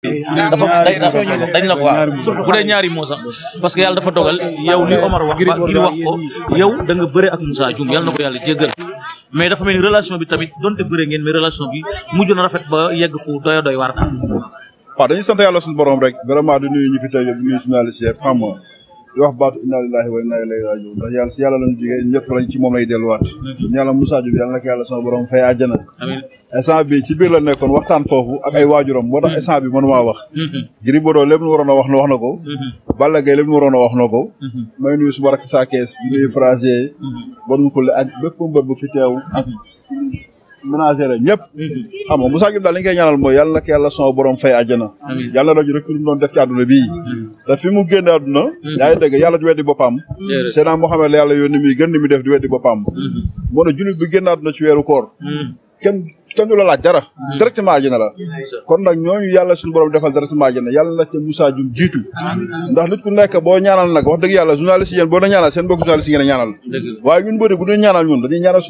dafa dañ la ko bu dee ñaari moo sax parce que yàlla dafa dogal yow li Omar wax ba ngir wax ko yow da bëre ak Moussa yàlla na ko yàlla jéggal mais dafa mel relation bi tamit donte bëre ngeen mais relation bi mujj na rafet ba yegg fu doy doy daal. wax baatu inna lillahi wa inna ilayhi rajiun ndax yàlla si yàlla lañu jógee ñëpp lañ ci moom lay delluwaat ñaala Moussa Diop yàlla na ko yàlla sama borom fay àjjana instant bi ci biir la nekkoon waxtaan foofu ak ay waajuram moo tax mm-hmm. instant bi mënumaa wax mm-hmm. Gris Bordeaux lépp nu waroon wax na wax na ko mm-hmm. Balla Gaye lépp nu waroon a wax na ko may nuyu suma rakk saa kees di nuyu français bon mu kulle fi teew ménagère ñëpp xam nga Moussa Gueye daal li ñu koy ñaanal mooy yàlla nag yàlla son borom fay àjjana yàlla doj rek lu mu doon def ci àdduna bii te fi mu génn àdduna yaa ngi dégg yàlla di weddi boppam Seydina Mohamed la yàlla yónni gën ni muy def di weddi boppam moo ne jullit bi génn àdduna ci weeru koor kenn kenn du la laaj dara directement àjjana la kon nag ñooñu yàlla suñu borom defal directement àjjana yàlla na ca Moussa Dioum jiitu ndax nit ku nekk boo ñaanal nag wax dëgg yàlla journaliste yéen na ñaanal seen mbokk journaliste yi ngeen a ñaanal waaye ñun bëri bu ñu ñaanal ñun dañuy ñaanal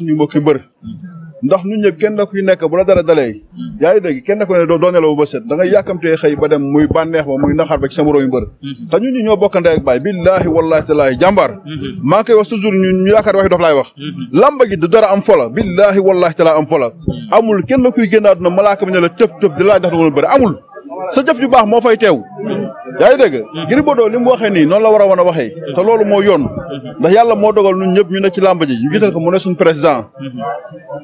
ndax ñu ñëpp kenn ku nekk bu la dara dalee mm-hmm. yaa ngi dégg kenn ku ne doo doonelawu ba set da ngay yàkkamtee xëy ba dem muy bànneex ba muy naxaar ba ci sa moroomi mbër mm-hmm. te ñun ñi ñoo bokkante ak baay billaahi wallaahi tallaahi jàmbaar mm-hmm. maa koy wax toujours ñun ñu yaakaar waxi dof laay wax lamba gi du dara am fola billaahi wallaahi tallaahi am fola amul kenn kuy génn àdduna malaaka bi ne la tëf tëf di laaj ndax da nga doon amul sa jëf ju baax moo fay teew yaa ngi dégg Gris Bordeaux li mu waxee nii la war a wan a waxee te loolu moo yoon ndax yàlla moo dogal ñun ñëpp ñu ne ci làmb ji ñu jiital ko mu ne suñu président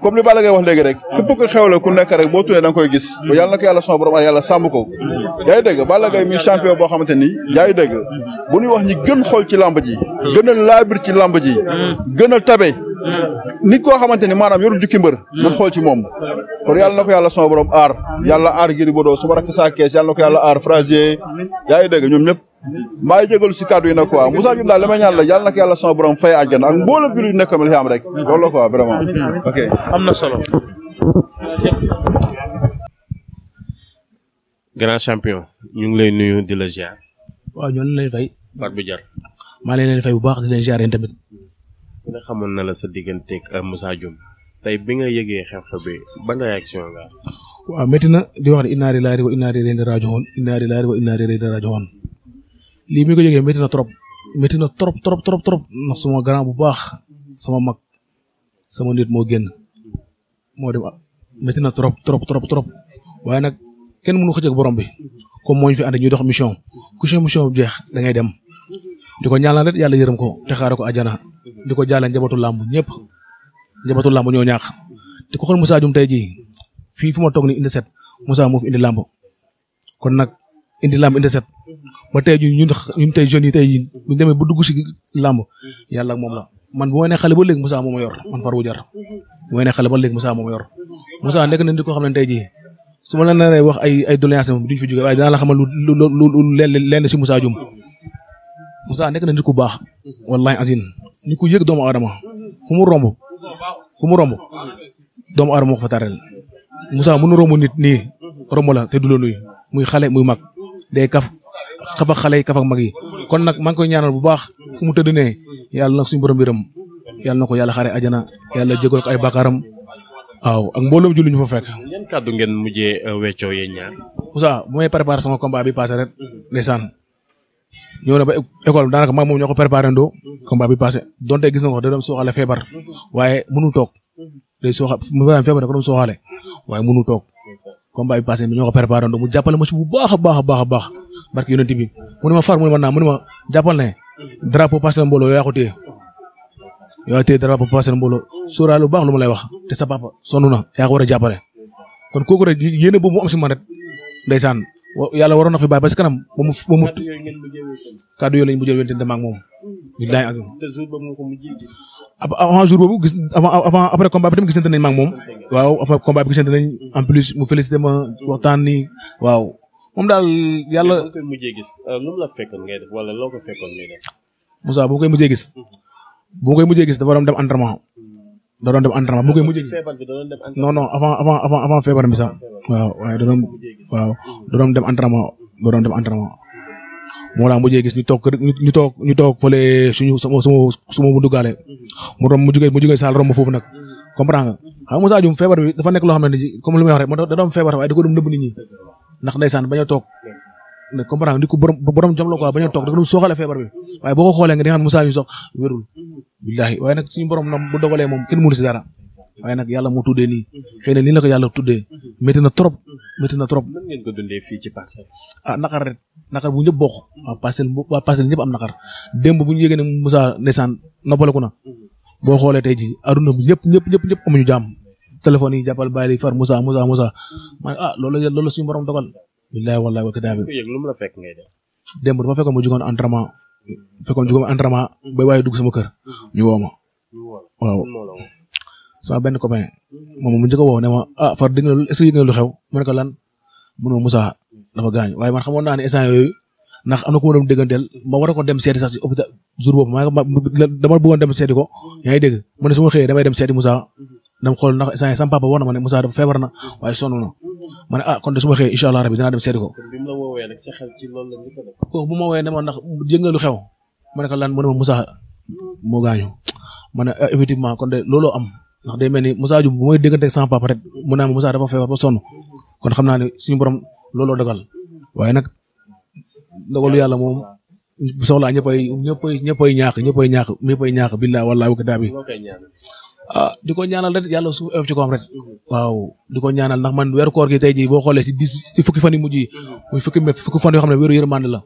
comme li Balla Gaye wax léegi rek képp ku xewle ku nekk rek boo tunee da nga koy gis ko yàlla na ko yàlla sama borom ak yàlla sàmm ko yaa ngi dégg Balla Gaye muy boo xamante ni yaa ngi dégg bu ñuy wax ñi gën xool ci làmb ji gën a laabir ci làmb ji gën a tabe nit koo xamante ni maanaam yoru jukki mbër nan ci moom kon yàlla na ko yàlla sama borom aar yàlla aar Gris Bordeaux su ma rakk saa kees yàlla na ko yàlla aar Frazier yaa ngi dégg ñoom ñëpp maa ngi jégalu si kàddu yi nag quoi Moussa Diop daal may ñaan la yàlla na ko yàlla sama borom fay àjjana ak mboolem bi lu nekk mel am rek loolu la quoi vraiment ok am na solo grand champion ñu ngi lay nuyu di la ziar waaw ñoo lay fay Fatou Biar maa leen lay fay bu baax di leen ziar tamit ku ne xamoon na la sa digganteeg euh, Moussa Dioum tey bi nga yëgee xew-xew bi ban réaction nga waaw métti na di wax ne inna lillahi wa inna ilayhi raji'un inna lillahi wa inna ilayhi raji'un lii mi ko yëgee métti na trop métti na trop trop trop trop ndax sama grand bu baax sama mag sama nit moo génn moo dem métti na trop trop trop trop waaye nag kenn mënu xëcc borom bi comme moo ñu fi ànd ñuy dox mission ku mission bu jeex da ngay dem. di ko ñaanal rek yàlla yërëm ko te xaare ko àjjana di ko jaale njabootu làmb ñëpp njabootu làmb ñoo ñaax te ko xool Moussa Dioum tey jii fii fi ma toog ni indi set Moussa moo fi indi làmb kon nag indi làmb indi set ba tey jii ñun ñun tey jeunes yi tey jii bu ñu demee ba dugg si làmb yàlla ak moom la man bu may ne xale ba léegi Moussa moo ma yor man Farou Diar bu may ne xale ba léegi Moussa moo ma yor Moussa nekk na nit koo xam ne tey jii su ma la naree wax ay ay doléances duñ fi jógee waaye dinaa la xamal lu lu lu lenn si Moussa Dioum Moussa nekk na nit ku baax wallahi azim nit ku yëg doomu aadama fu mu romb fu mu doomu aadama ko fa tàrreel Moussa mënu romb nit nii romb la te du la muy xale muy mag day kaf xaf xale yi kaf mag yi kon nag maa ngi koy ñaanal bu baax fu mu tëdd ne yàlla nag suñu borom biram yàlla na ko yàlla xaare ajana yàlla jégal ko ay baakaaram waaw ak mbooloom julli ñu fa fekk. yan kàddu ngeen mujjee uh, weccoo yéen ñaar. bu may préparé sama combat bi passé rek ndeysaan ñëw na ba école daanaka mag moom ñoo ko préparé ndoo combat bi passé donte gis na ko da doon sooxale feebar waaye mënul toog day sooxa feebar da ko doon sooxale waaye mënul toog combat bi passé ñoo ko préparé ndoo mu jàppale ma si bu baax a baax a baax a baax barki yonent bi mu ne ma far mu ne ma naa mu ma jàppal ne drapeau passé mbooloo yoo yaa ko téye yoo téye drapeau passé mbooloo lu baax lu ma lay wax te sa papa sonn na yaa ko war a jàppale kon kooku rek yàlla waroon na fi bàyyi ba si kanam ba mu ba mu. kàddu yooyu lañ mujjee wénteen dama ak moom. billaay azim te jour boobu nga ko mujjee gis. avant jour boobu gis avant après combat bi tam gisante nañ ma ak en plus mu félicité ma waxtaan ni daal yàlla bu koy gis euh, nu mu la wala loo ko fekkoon ngay def. Moussa bu koy mujjee gis. Mm-hmm. bu koy mujjee gis dafa doon da doon dem entraînement bu koy mujjee non non avant avant avant avant feebar bi sax waaw waaye da doon waaw da doon dem entraînement da doon dem entraînement moo laa mujjee gis ñu toog ñu toog ñu toog fële suñu sama sama sama bu duggaale mm-hmm. mu doon mu jugee mu jugee saal romb foofu nag mm-hmm. comprendre nga mm-hmm. xam nga Sadio feebar bi dafa nekk loo xam ne comme li may wax rek da doon feebar waaye da ko doon nëbb nit ñi ndax ndeysaan bañ a toog comprendre di ko borom borom jom la quoi bañ a toog da ko feebar bi waaye boo ko xoolee nga di nga xam ne Moussa ñu sox wérul billahi borom bu dogalee moom kenn mënu dara waaye nag yàlla moo tuddee nii xëy na nii la ko yàlla tuddee métti na trop métti na trop. nan ngeen ko dundee fii ci parcelle. ah naqar rek naqar bu ñëpp bokk. waa am naqar démb bu ñu yëgee ne Moussa ndeysaan noppaleku na boo xoolee tey jii aduna bi ñëpp ñëpp ñëpp ñëpp amuñu jàmm téléphone yi jàppal bàyyi far Moussa Moussa Moussa man ah loolu borom dogal billaay wallaay wa kitaabi lu mu la fekk ngay def démb dafa fekkoon ma jugoon entraînement fekkoon jugoon entraînement ba waaye dugg sama kër mm-hmm. woo ma waaw sama benn copain mm-hmm. a woo ne ma ah far dégg nga est-ce que yëg nga lu xew mu ne ko lan munoo Moussa dafa gaañ waaye man xamoon naa ne instant yooyu ndax am na ku ma doon dégganteel ma war a ko dem seeti sax ci hôpital jour boobu ma dama bëggoon dem seeti ko mm-hmm. yaa ngi dégg mu ne su ma xëyee damay dem dama xool ndax saa sama papa wax na ma ne Moussa dafa feebar na waaye sonn na ma ne ah kon de su ma xëyee incha allah rabi dinaa dem seeti ko. mu la woowee nag sa la njëkk bu ma woowee ne ma ndax jëngalu xew ma ah, effectivement kon de looloo am ndax day mel ni Moussa Diouf bu may dégganteeg sama papa rek mu naan Moussa dafa feebar ba sonn kon xam naa ne suñu borom looloo dogal waaye nag dogalu yàlla moom. bu soxlaa ñëppay ñëppay ñëppay ñaax ñëppay ñaax ñëppay ñaax billaa wallaahi wa kitaabi a ah, di ko ñaanal rek yàlla suuf oyof ci koom rek waaw di ko ñaanal ndax man weeru koor gi tey jii boo xoolee ci dix ci fukki fan yu mujj yi fukki fukki fan yoo xam ne weeru yërmande la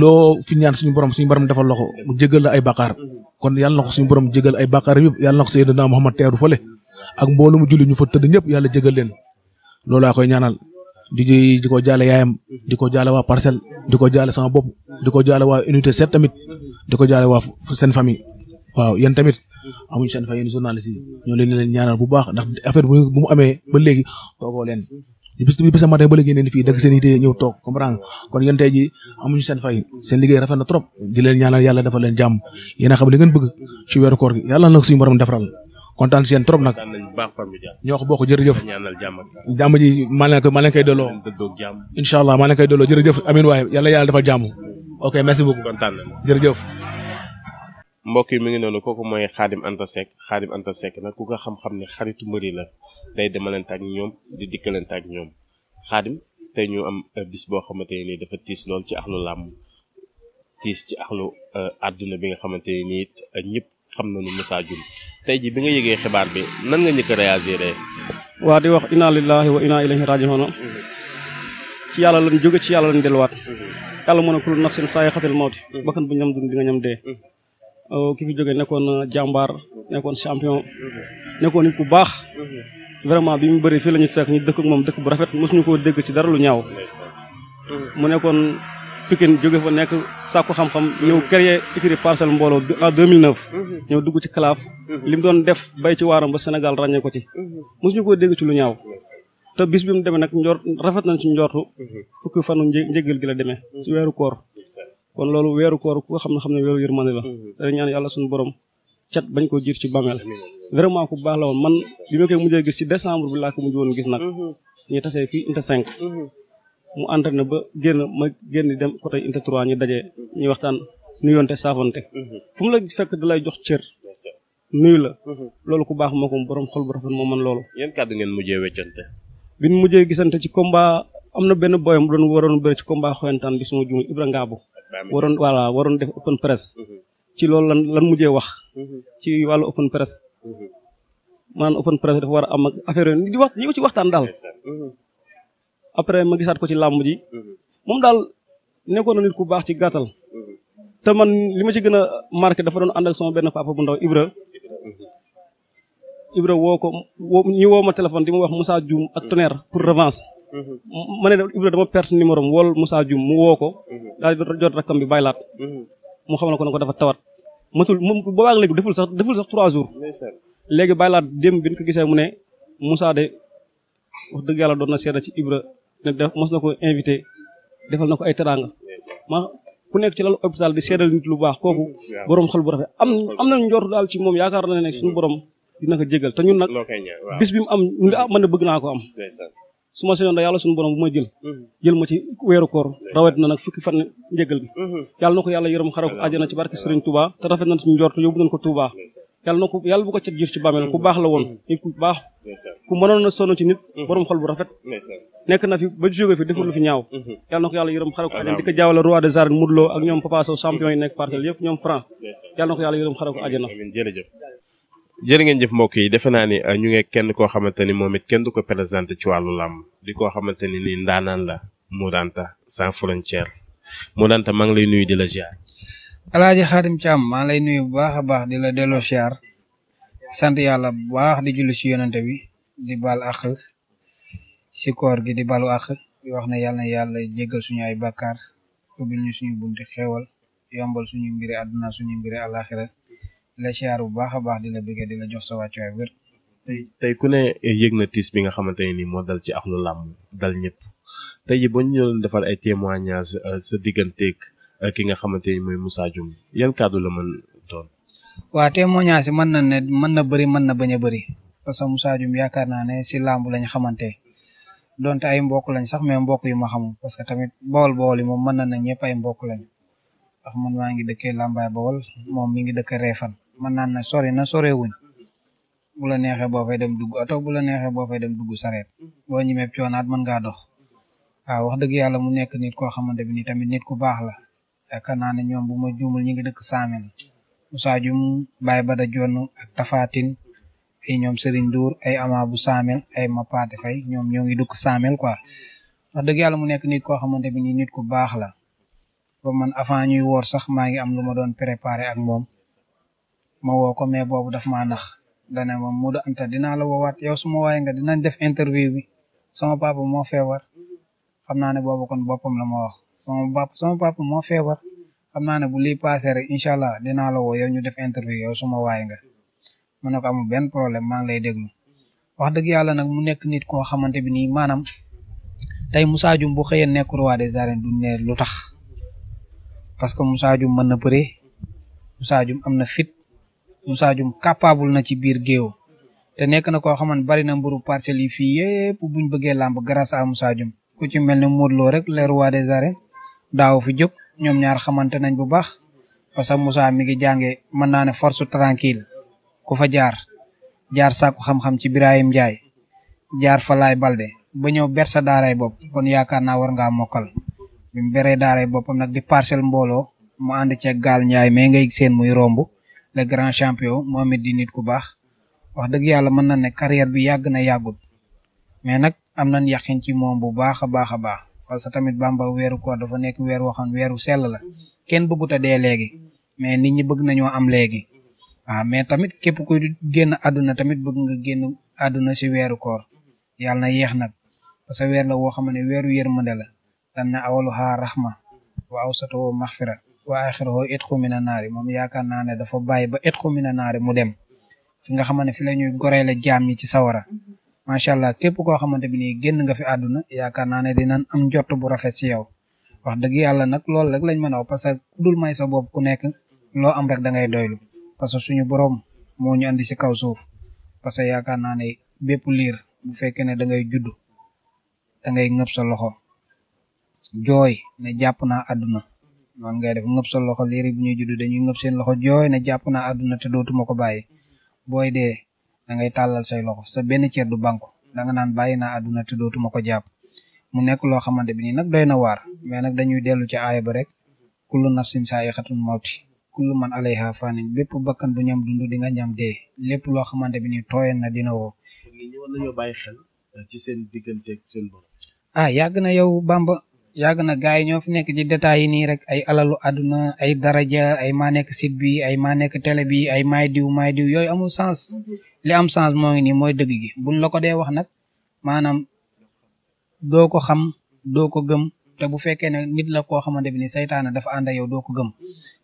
loo fi ñaan suñu borom suñu borom defal loxo mu jégal la ay bàkkaar kon yàlla na ko suñu borom jégal ay bàkkaar yëpp yàlla na ko Seydina Muhammad teeru fële ak mboolu mu julli ñu fa tëdd yëpp yàlla jégal leen loolu laa koy ñaanal di di ko jaale yaayam di ko jaale waa parcelle di ko jaale sama bopp di ko jaale waa unité 7 tamit di ko jaale waa seen famille waaw yéen amuñ seen fay yéen journaliste yi ñoo leen leen ñaanal bu baax ndax affaire bu mu amee ba léegi toogoo leen bis bisa matin ba léegi neen fii dëkk seen yite ñëw toog comprendre kon yéen tey amuñu seen fay seen liggéey rafet na trop di leen ñaanal yàlla defal leen jàmm yéen a xam li ngeen bëgg ci weeru koor gi yàlla nag suñu borom kontaan si trop nag ñoo ko bokk jërëjëf jàmm ji maa leen koy maa leen koy delloo incha allah amin waaye yàlla yàlla defal jàmm ok merci mbokk yi mi ngi noonu kooku mooy xaadim Anta Seck xaadim Anta Seck nag ku nga xam-xam ni xaritu mbëri la day demalante ak ñoom di dikkalante ak ñoom xaadim tey ñu am euh, bis boo xamante nii dafa tiis lool ci axlu làmb tiis ci axlu euh, àdduna bi nga xamante ne nii euh, ñëpp xam nañu Moussa Dioum tey ji bi nga yëgee xibaar bi nan nga njëkk a réagir waa di wax inna lillahi wa inna ilayhi raji'un mhm. ci yàlla lañ jóge ci yàlla lañ delluwaat mhm. yàlla mën a kullu nafsin saayixatil mawti mhm. bakkan Euh, ki fi jógee nekkoon euh, jàmbaar nekkoon champion nekkoon nit ku baax vraiment bi mu bëri fii la ñu fekk ñu dëkk moom dëkk bu rafet mosuñu koo dégg ci dara lu ñaaw mu nekkoon Pikine jóge fa nekk sàkku xam-xam ñëw créé écurie Parcelles mbooloo en 2009 ñëw dugg ci kalaaf li mu doon def bay ci waaram ba Sénégal ràññee ko ci mosuñu koo dégg ci lu ñaaw te bis bi mu demee nag njort rafet nañ ci njortu fukki fanu njëgal gi la demee ci weeru koor kon loolu weeru koor ku nga xam ne xam ne weeru yërmande la te mhm. ñaan yàlla suñu borom cat bañ koo jiir ci bàmmeel vraiment ku baax la woon man bi ma koy mujjee gis ci décembre bi laa ko mujj woon gis mhm. tasee fii inte cinq mhm. mu entraîné ba génn ma génn dem côté inte ñu dajee ñu waxtaan nuyoonte saafante fu mu la fekk da lay jox cër nuyu la loolu ku baax moo ko borom xol bu rafet moo man loolu yéen ngeen mujjee weccante bi am na benn boyam doon waroon bëri ci combat xoyantaan bi suma jumul Ibra Ngaabu waroon voilà waroon def open press mhm. ci loolu lan lan mujjee wax mhm. ci wàllu open press mhm. maanaam open press dafa war a am ak affaire yooyu di wax ñi ci waxtaan daal après ma gisaat ko ci làmb ji moom daal nekkoon na nit ku baax ci gàttal te man li ma ci gën a marqué dafa doon ànd ak sama benn papa bu ndaw Ibra Ibra woo ko ñu woo ma téléphone di ma wax Moussa Dioum ak tonnerre pour revanche ma mm-hmm. ne Ibra dama perte numéro am wool Moussa Dioum mu woo ko. Mm-hmm. daal di jot rakkam bi bàyyilaat. Mm-hmm. mu xamal ko ne ko dafa tawat. matul moom boobaag léegi deful sax deful sax trois jours. léegi bàyyilaat démb bi ñu ko gisee mu ne Moussa de wax dëgg yàlla doon na seede ci Ibra ne def mos na ko invité defal na ko ay teraanga. ma ku nekk ci lalu hôpital di seedal lu baax kooku borom xol bu rafet am am nañu njort daal ci moom na ne suñu borom dina ko jégal te ñun nag bis bi mu am ñun de ah man de bëgg naa ko am. su ma sañoon da yàlla suñu borom bu ma jël mhm. jël ma ci weeru koor rawet na nag fukki fan njëgal bi mhm. yàlla na ko yàlla yërëm xara ko àjjana ci barke Sëriñ Touba te rafet na suñu njort yóbbu nañ na yàlla bu ko cat jiir ci bàmmeel ku baax la woon mhm. nit ku baax na sonn ci nit borom xol bu rafet nekk na fi ba fi deful lu fi ñaaw yàlla na ko yàlla yërëm xara ko àjjana roi des arènes Modou ak ñoom Papa champion yi nekk parcelle yëpp ñoom franc yàlla na ko yàlla yërëm xara ko àjjana jërë ngeen jëf mbokk yi defe naa ni euh, ñu ngi kenn koo xamante ni moom it kenn du ko présenté ci wàllu làmb di koo xamante ni nii ndaanaan la Modou Anta sans frontière Modou maa ngi lay nuyu di la ziar. Alaaji Xaadim Caam maa lay nuyu bu baax a baax di la delloo ziar sant yàlla bu baax di julli ci yonante bi di baal àq si koor gi di balu àq di wax ne yàlla yàlla jéggal suñu ay bàkkaar ubbil ñu suñu bunti xéewal yombal suñu mbiri àdduna suñu mbiri àllaaxira la siyaar bu baax a baax di la bëggee di jox sa wàccuwaay wér. tey tey ku ne eh, yëg na tiis bi nga xamante ne nii moo dal ci axlu làmb dal ñëpp tey ji ba ñu doon defal ay témoignages euh, sa digganteeg euh, ki nga xamante ni mooy Moussa Dioum yan kàddu la mën doon. waa témoignage yi mën na ne mën na bëri mën na bañ a bëri parce que Moussa Dioum yaakaar naa ne si làmb lañ xamante donte ay mbokk lañ sax mais mbokk yu ma xamul parce que tamit bawol bawol yi moom mën na ne ñëpp ay mbokk lañ ndax man maa ngi dëkkee Lambaye bawol moom ngi dëkkee Réfane mën naan na sori na sore wuñ bu la neexee boo fay dem dugg oto bu la neexee boo fay dem dugg sareet boo ñemee coonaat mën ngaa dox waaw wax dëgg yàlla mu nekk nit koo xamante bi ni tamit nit ku baax la yaakaar naa ne ñoom bu ma juumul ñi ngi dëkk Saamen Moussa Dioum Baye Bada Jonn ak Tafatin ay ñoom seriñ Ndour ay Ama bu Saamen ay Mapaate Fay ñoom ñoo ngi dëkk Saamen quoi wax dëgg yàlla mu nekk nit koo xamante bi ni nit ku baax la ba man avant ñuy woor sax maa ngi am lu ma doon préparé ak moom ma woo ko mais boobu daf maa nax dane ma Modou Anta dinaa la woowaat yow suma ma waaye nga dinañ def interview bi sama papa moo feebar xam naa ne boobu kon boppam la ma wax sama papa sama papa moo feebar xam naa ne bu lii passé rek incha allah dinaa la woo yow ñu def interview yow su ma waaye nga ma ne ko amul benn problème maa ngi lay déglu wax dëgg yàlla nag mu nekk nit koo xamante bi nii maanaam tey Moussa Dioum bu xëyee nekk roi des arènes du ne lu tax parce que Moussa Dioum mën na bëree fit Moussa Dioum capable na ci biir géew te nekk na koo xamante bari na mburu parcelles yi fii yëpp buñ bëggee làmb grâce à Moussa Dioum ku ci mel ne Modou rek le roi des arènes daaw fi jóg ñoom ñaar xamante nañ bu baax parce que Moussa mi ngi jàngee mën naa ne force tranquille ku fa jaar jaar sàkku xam-xam ci Birahim Ndiaye jaar fa Laye Balde ba ñëw ber sa daaray bopp kon yaakaar naa war ngaa mokkal bi mu beree boppam nag di parcelle mbooloo mu ànd ceeg gaal Ndiaye mais ngay seen muy romb la grand champion moom it di nit ku baax wax dëgg yàlla mën na ne carrière bi yàgg na yàggut mais nag am nañ yàqin ci moom bu baax a baax a baax parce que tamit Bamba weeru koor dafa nekk weer woo xam weeru sell la kenn bëggut a dee léegi mais nit ñi bëgg nañoo am léegi ah mais tamit képp kuy génn àdduna tamit bëgg nga génn àdduna si weeru koor yàlla na yéex nag parce que weer la woo xam ne weeru yërmande la daan na awaluha rahma wa awsatuhu maxfira wa axiruhu itqu mina naari moom yaakaar naa ne dafa bàyyi ba itqu mina naari mu dem fi nga xamante ne fi la ñuy goree la jaam ñi ci sawara macha allah képp koo xamante bi nii génn nga fi àdduna yaakaar naa ne dinañ am njort bu rafet ci yow wax dëgg yàlla nag loolu rek lañ mën a wax parce que ku dul may sa bopp ku nekk loo am rek da ngay doylu parce que suñu borom moo ñu andi si kaw suuf parce que yaakaar naa ne bépp liir bu fekkee ne da ngay judd da ngay ngëb sa loxo jooy ne jàpp naa àdduna noonu ngay def ngëp sa loxo léeri bu ñuy judd dañuy ngëp seen loxo jooy ne jàpp naa ko bàyyi booy dee da ngay tàllal say loxo sa benn ceer du banku da nga naan bàyyi naa àdduna te dootuma ko jàpp mu nekk loo xamante bi nii nag doy na waar mais nag dañuy dellu ci aaya ba rek kullu nafsin saa'iqatul mawti kullu man alayha fanin bépp bakkan bu ñam dund di nga ñam dee lépp loo xamante bi nii tooyan na dina woo ah yàgg na yow Bamba yàgg na gars yi ñoo fi nekk ci détails yi nii rek ay alalu àdduna ay daraja ay maa nekk bi ay maa nekk télé bi ay maay diw maay diw yooyu amul sens li am sens moo ngi nii mooy dëgg gi buñ la ko dee wax nag maanaam doo ko xam doo ko gëm te bu fekkee ne nit la koo xamante bi ni saytaana dafa ànd ak yow doo ko gëm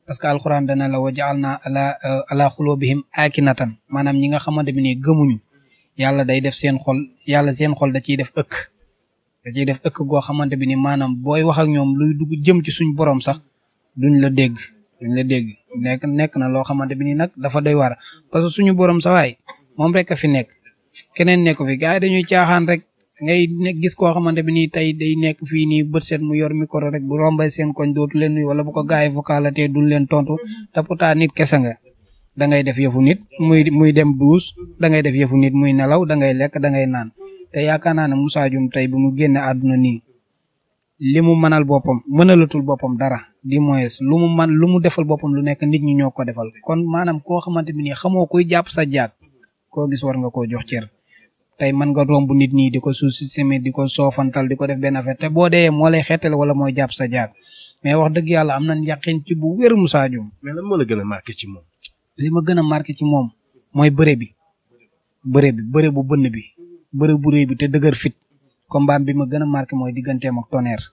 parce que alxuraan dana la wa jaal naa ala eh, ala xulóobihim aakinatan maanaam ñi nga xamante bi ni gëmuñu yàlla day def seen xol yàlla seen xol da ciy def ëkk da ciy def ëkk goo xamante bi ni maanaam booy wax ak ñoom luy dugg jëm ci suñ borom sax duñ la dégg duñ la dégg nekk nekk na loo xamante bi ni nag dafa doy war parce suñu borom sax waay moom rek a fi nekk keneen nekk fi gars dañuy caaxaan rek ngay nekk gis koo xamante bi nii tey day nekk fii nii bët seet mu yor micro rek bu rombay seen koñ dootu leen nuyu wala bu ko gars yi vocalatee duñ leen tontu mm-hmm. te pourtant nit kese nga da ngay def yëfu nit muy muy dem duus da ngay def yëfu nit muy nelaw da ngay lekk da ngay naan te yaakaar naa ne Moussa Dioum tey bu mu génne àdduna ni li mu mënal boppam mënalatul boppam dara di moyes lu mu man lu mu defal boppam lu nekk nit ñi ñoo ko defal kon maanaam koo xamante bi nii xamoo koy jàpp sa jaag koo gis war nga koo jox cër tey mën nga bu nit ñi di ko suuf si semé di ko soofantal di ko def benn te boo dee moo lay xeetale wala mooy jàpp sa jaag mais wax dëgg yàlla am na yàqin ci bu wér Moussa Dioum. mais lan moo la gën a marqué ci moom. li ma gën a marqué ci moom mooy bëre bi bëre bënn bi bërëb bu rëy bi te dëgër fit combat bi ma gën a marqué mooy digganteem ak Tonnerre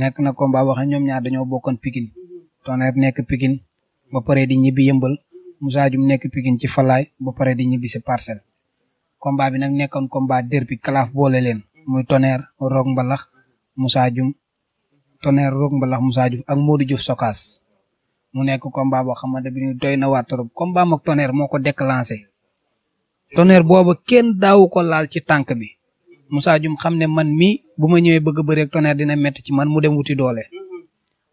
nekk na combat boo xam ñoom ñaar dañoo bokkoon pikin Tonnerre nekk Pikine ba pare di ñibbi yëmbal Moussa Dioum nekk Pikine ci falaay ba pare di ñibbi si parcelle combat bi nag nekkoon combat derby kalaaf boole leen muy Tonnerre Rock Mbalax Moussa Dioum Tonnerre Rock Mbalax Moussa ak Modou Diouf mu nekk combat boo xamante bi doy na waar trop combat am ak moo ko déclenché Tonnerre booba kenn daawu ko laal ci tànk bi Moussa Dioum xam ne man mii bu ma ñëwee bëgg a bëreeg Tonnerre dina métti ci man mu dem wuti doole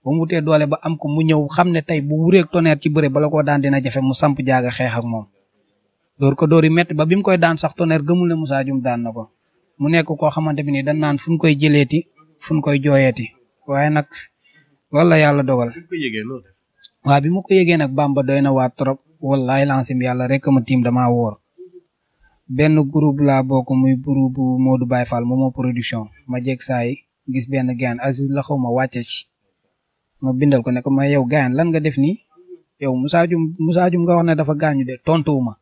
ba mu doole ba am ko mu ñëw xam ne tey bu wureeg Tonnerre ci bëre bala koo daan dina jafe mu samp jaaga xeex ak moom. door ko door yi métti ba bi mu koy daan sax Tonnerre gëmul ne Moussa Dioum daan na ko mu nekk koo xamante bi nii dañ naan fu ñu koy jëleeti fu ñu koy jooyeeti waaye nag loolu la yàlla dogal. waaw bi ma ko yëgee nag Bamba doy na waat trop wallaay lancé yàlla rek ma tiim damaa wóor benn groupe laa bokk muy groupe bu Modou Baye Fall Momo production ma jeg saa gis benn gaan Aziz la xaw ma wàcce ma bindal ko ne ma yow gaan lan nga def nii yow Moussa Dioum Moussa Dioum nga wax ne dafa gaañu de tontuwuma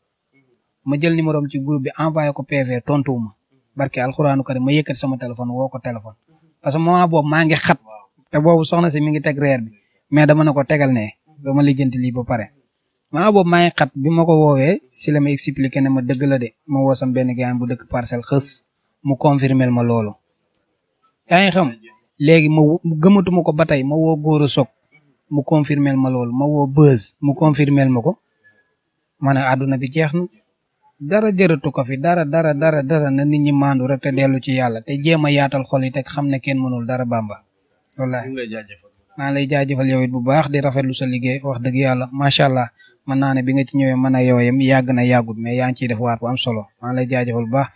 ma jël numéro am ci group bi envoyé ko PV tontuwuma barke alxuraanu karim ma yëkkat sama téléphone woo ko téléphone parce que moment boobu maa ngi xat te boobu soxna si mi ngi teg reer bi mais dama ne ko tegal ne ma lijjanti lii ba pare maa boobu maa xat bi ma ko woowee si la ma expliqué ne ma dëgg la de ma woo sam benn gaan bu dëkk parcelle xës mu confirmer ma loolu. yaa xam léegi ma gëmatuma ko ba tey ma woo góor a soog mu confirmer ma loolu ma woo bës mu confirmer ma ko ma ne bi jeex na dara jërëtu ko fi dara dara dara dara na nit ñi maandu rek te dellu ci yàlla te jéem a yaatal xol yi te xam ne kenn mënul dara bàmba wallaahi maa ngi lay jaajëfal yow bu baax di rafetlu sa liggéey wax dëgg yàlla macha allah. mën naa ne bi nga ci ñëwee a yow yem yàgg na yàggut mais yaa ngi ciy def waat bu am solo maa ngi lay jaajëfal bu baax